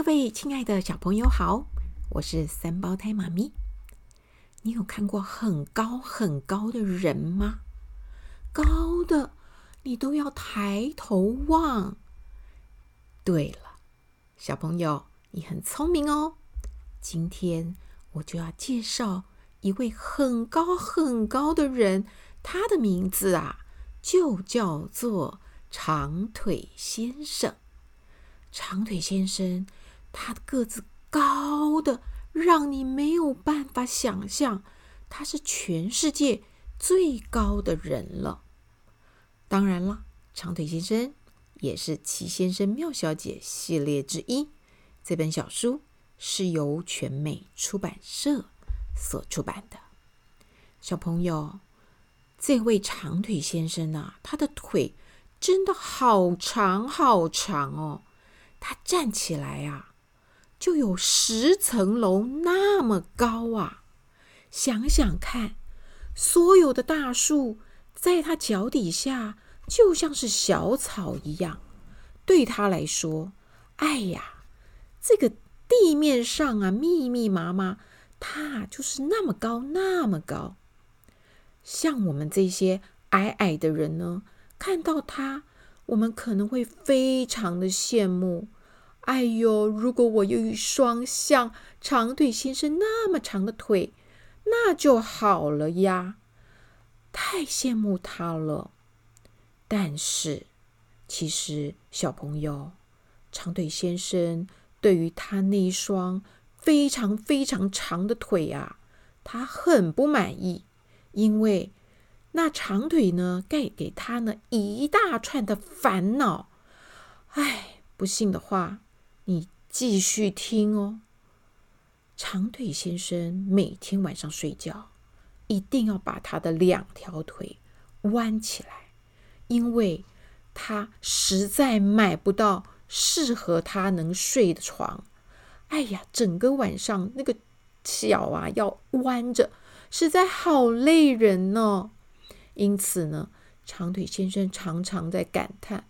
各位親愛的小朋友好，我是三胞胎媽咪。你有看過很高很高的人嗎？高的，你都要抬頭望。對了，小朋友，你很聰明哦。今天我就要介紹一位很高很高的人，他的名字啊，就叫做長腿先生。長腿先生。他的個子高的讓你沒有辦法想象他是全世界最高的人了。當然了，長腿先生也是奇先生妙小姐系列之一。這本小書是由全美出版社所出版的。小朋友，這位長腿先生呢、啊，他的腿真的好長好長哦。他站起來呀、啊。就有十層樓那麼高啊！想想看，所有的大樹在他腳底下，就像是小草一樣。對他來說，哎呀，這個地面上啊，密密麻麻，它就是那麼高，那麼高。像我們這些矮矮的人呢，看到他，我們可能會非常的羨慕。哎呦，如果我有一雙像長腿先生那麼長的腿，那就好了呀！太羨慕他了。但是，其實小朋友，長腿先生對於他那一雙非常非常長的腿啊，他很不滿意，因為那長腿呢，帶給他呢一大串的煩惱。哎，不信的話。你繼續聽哦。長腿先生每天晚上睡覺一定要把他的兩條腿彎起來，因為他實在買不到適合他能睡的床。哎呀，整個晚上那個腳啊要彎着，實在好累人呢、哦。因此呢，長腿先生常常在感嘆：“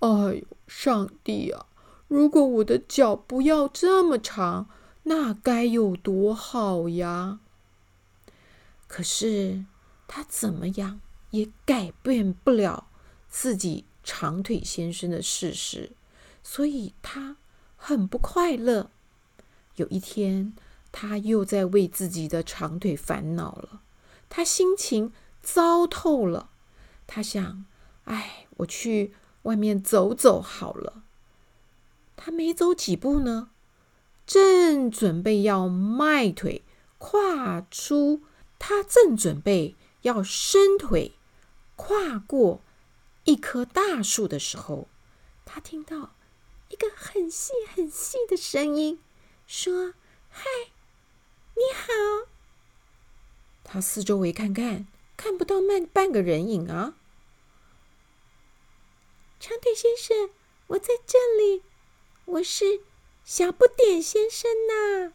哎呦，上帝啊！”如果我的腳不要這麼長，那該有多好呀？可是他怎麼樣也改變不了自己長腿先生的事實，所以他很不快樂。有一天，他又在為自己的長腿煩惱了，他心情糟透了，他想，哎，我去外面走走好了。他沒走幾步呢，正準備要邁腿跨出，他正準備要伸腿跨過一棵大樹的時候，他聽到一個很細很細的聲音說：“嗨，你好。”他四周圍看看，看不到半半個人影啊！長腿先生，我在這裡。我是小不點先生吶、啊，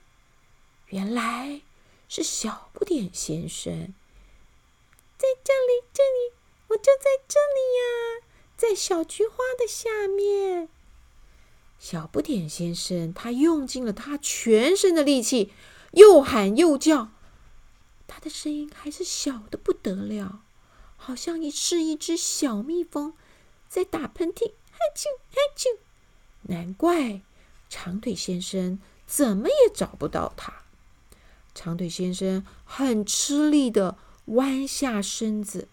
原來是小不點先生，在這裡，這裡，我就在這裡呀、啊，在小菊花的下面。小不點先生他用盡了他全身的力氣，又喊又叫，他的聲音還是小得不得了，好像一是一隻小蜜蜂在打噴嚏，哈啾，哈啾。難怪長腿先生怎麼也找不到他。長腿先生很吃力地彎下身子，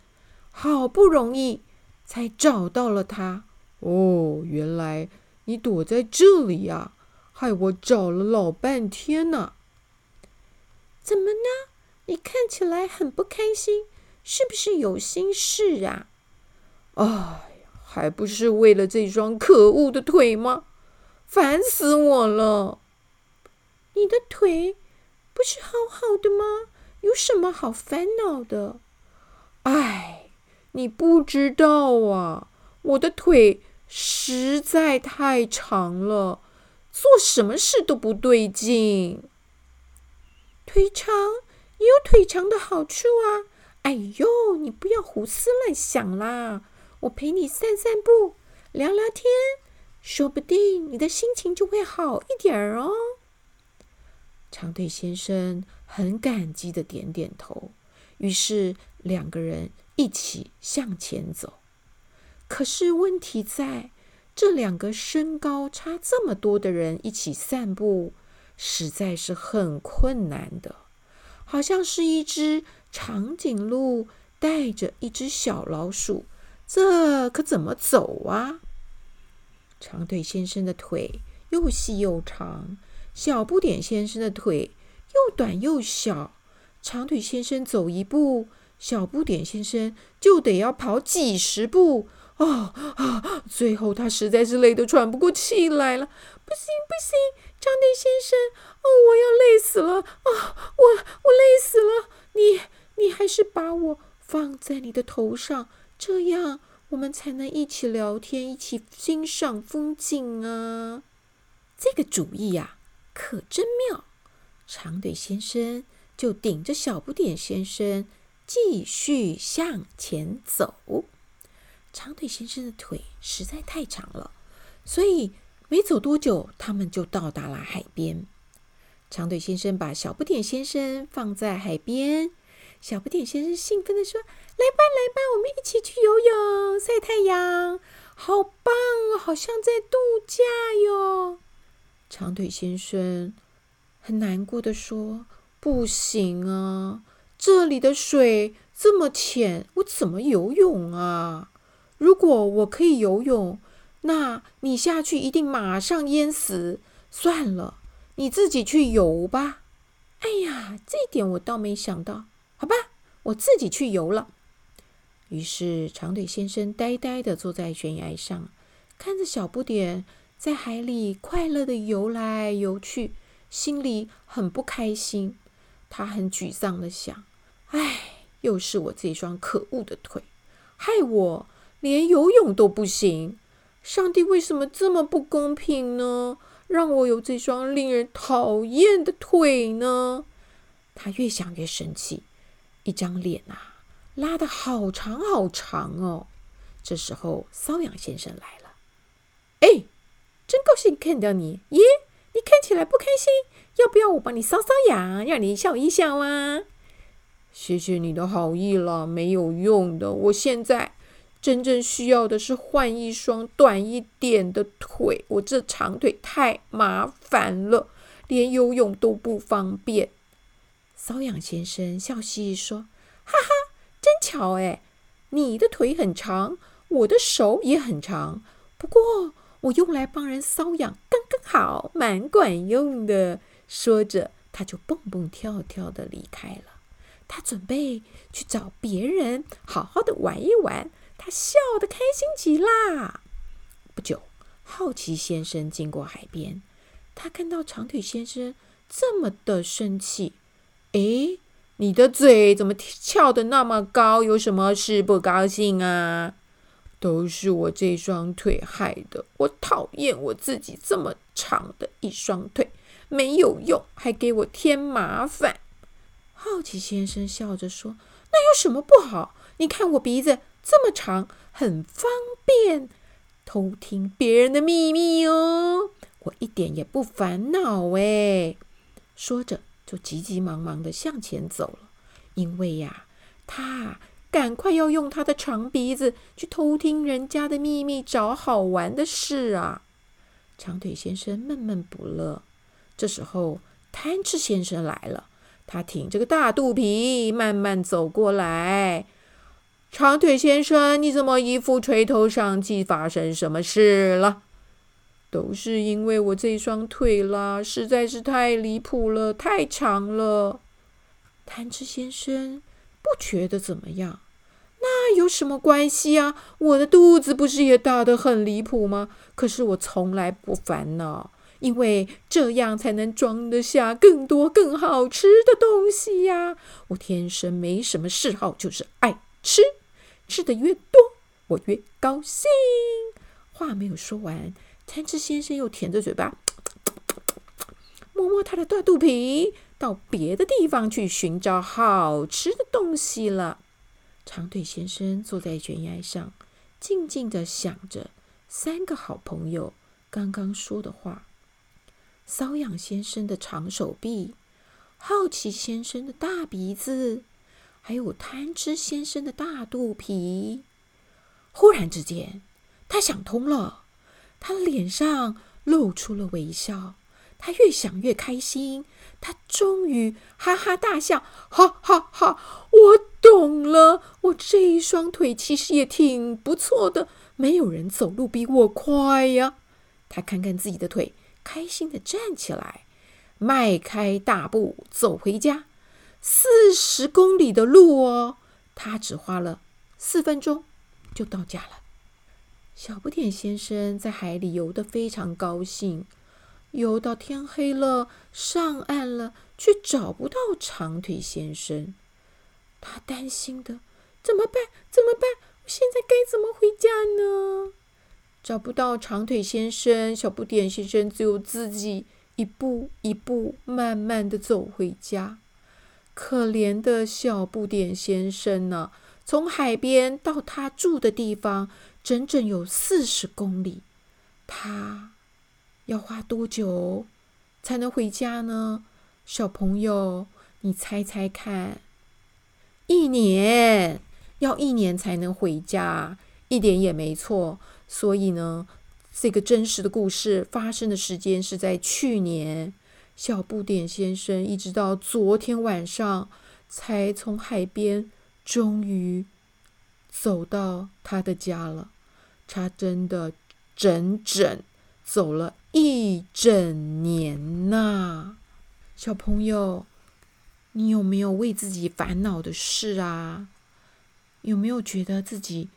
好不容易才找到了他。哦，原來你躲在這裡呀，害我找了老半天呢。怎麼呢？你看起來很不開心，是不是有心事啊？哦。還不是為了這雙可惡的腿嗎？煩死我了！你的腿不是好好的嗎？有什麼好煩惱的？哎，你不知道啊，我的腿實在太長了，做什麼事都不對勁。腿長也有腿長的好處啊！哎呦，你不要胡思亂想啦！我陪你散散步，聊聊天，說不定你的心情就會好一點哦。長腿先生很感激的點點頭，於是兩個人一起向前走。可是問題在這兩個身高差這麼多的人一起散步，實在是很困難的，好像是一隻長頸鹿帶着一隻小老鼠。這可怎麼走啊？長腿先生的腿又細又長，小不點先生的腿又短又小。長腿先生走一步，小不點先生就得要跑幾十步哦。啊！最後他實在是累得喘不過氣來了，不行不行，長腿先生，哦，我要累死了啊，哦！我我累死了，你你還是把我放在你的頭上。這樣，我們才能一起聊天，一起欣賞風景啊！這個主意呀、啊，可真妙。長腿先生就頂着小不點先生，繼續向前走。長腿先生的腿實在太長了，所以沒走多久，他們就到達了海邊。長腿先生把小不點先生放在海邊。小不點先生興奮地說：“來吧，來吧，我們一起去游泳、曬太陽，好棒哦，好像在度假喲。”長腿先生很難過地說：“不行啊，這裡的水這麼淺，我怎麼游泳啊？如果我可以游泳，那你下去一定馬上淹死。算了，你自己去游吧。哎呀，這一點我倒沒想到。”我自己去遊了。於是，長腿先生呆呆地坐在懸崖上，看着小不點在海裡快樂地游來游去，心裡很不開心。他很沮喪地想：“唉，又是我這雙可惡的腿，害我連游泳都不行。上帝為什麼這麼不公平呢？讓我有這雙令人討厭的腿呢？”他越想越生氣。一張臉啊，拉的好長好長哦。這時候瘙癢先生來了，哎，真高興看到你耶！你看起來不開心，要不要我幫你搔搔癢，讓你笑一笑啊？謝謝你的好意了，沒有用的。我現在真正需要的是換一雙短一點的腿，我這長腿太麻煩了，連游泳都不方便。搔癢先生笑嘻嘻說：“哈哈，真巧哎！你的腿很長，我的手也很長。不過我用來幫人搔癢剛剛好，蠻管用的。”說着，他就蹦蹦跳跳地離開了。他準備去找別人好好地玩一玩。他笑得開心極啦！不久，好奇先生經過海邊，他看到長腿先生這麼的生氣。哎，你的嘴怎麼翹得那麼高？有什麼事不高興啊？都是我這雙腿害的，我討厭我自己這麼長的一雙腿，沒有用，還給我添麻煩。好奇先生笑着說：“那有什麼不好？你看我鼻子這麼長，很方便偷聽別人的秘密哦，我一點也不煩惱。”哎，說着。就急急忙忙的向前走了，因為呀、啊，他趕快要用他的長鼻子去偷聽人家的秘密，找好玩的事啊！長腿先生悶悶不樂。這時候，貪吃先生來了，他挺着個大肚皮慢慢走過來。長腿先生，你怎麼一副垂頭喪氣？發生什麼事了？都是因為我這雙腿啦，實在是太離譜了，太長了。貪吃先生不覺得怎麼樣？那有什麼關係啊？我的肚子不是也大得很離譜嗎？可是我從來不煩惱，因為這樣才能裝得下更多更好吃的東西呀、啊。我天生沒什麼嗜好，就是愛吃，吃得越多，我越高興。話沒有說完。貪吃先生又舔着嘴巴，摸摸他的大肚皮，到別的地方去尋找好吃的東西了。長腿先生坐在懸崖上，靜靜地想着三個好朋友剛剛說的話：瘙癢先生的長手臂，好奇先生的大鼻子，還有貪吃先生的大肚皮。忽然之間，他想通了。他臉上露出了微笑，他越想越開心，他終於哈哈大笑，哈哈哈哈！我懂了，我這一雙腿其實也挺不錯的，沒有人走路比我快呀。他看看自己的腿，開心的站起來，邁開大步走回家。四十公里的路哦，他只花了四分鐘就到家了。小不點先生在海裡游得非常高興，游到天黑了，上岸了，卻找不到長腿先生。他擔心的，怎麼辦？怎麼辦？我現在該怎麼回家呢？找不到長腿先生，小不點先生只有自己一步一步慢慢的走回家。可憐的小不點先生呢，從海邊到他住的地方。整整有四十公里，他要花多久才能回家呢？小朋友，你猜猜看，一年，要一年才能回家，一點也沒錯。所以呢，這個真實的故事發生的時間是在去年。小不點先生一直到昨天晚上才從海邊終於走到他的家了。他真的整整走了一整年吶，啊，小朋友，你有沒有為自己煩惱的事啊？有沒有覺得自己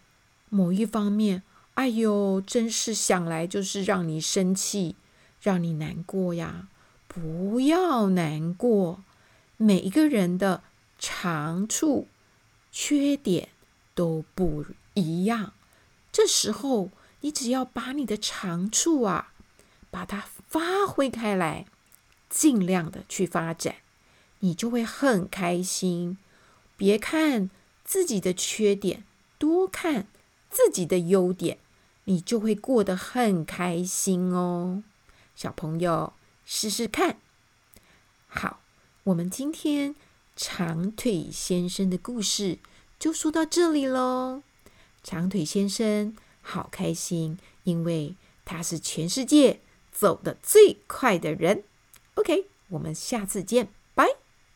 某一方面，哎呦，真是想來就是讓你生氣、讓你難過呀？不要難過，每一個人的長處、缺點都不一樣。這時候，你只要把你的長處啊，把它發揮開來，盡量的去發展，你就會很開心。別看自己的缺點，多看自己的優點，你就會過得很開心哦，小朋友，試試看。好，我們今天長腿先生的故事就說到這裡嘍。長腿先生好開心，因為他是全世界走得最快的人。OK，我們下次見。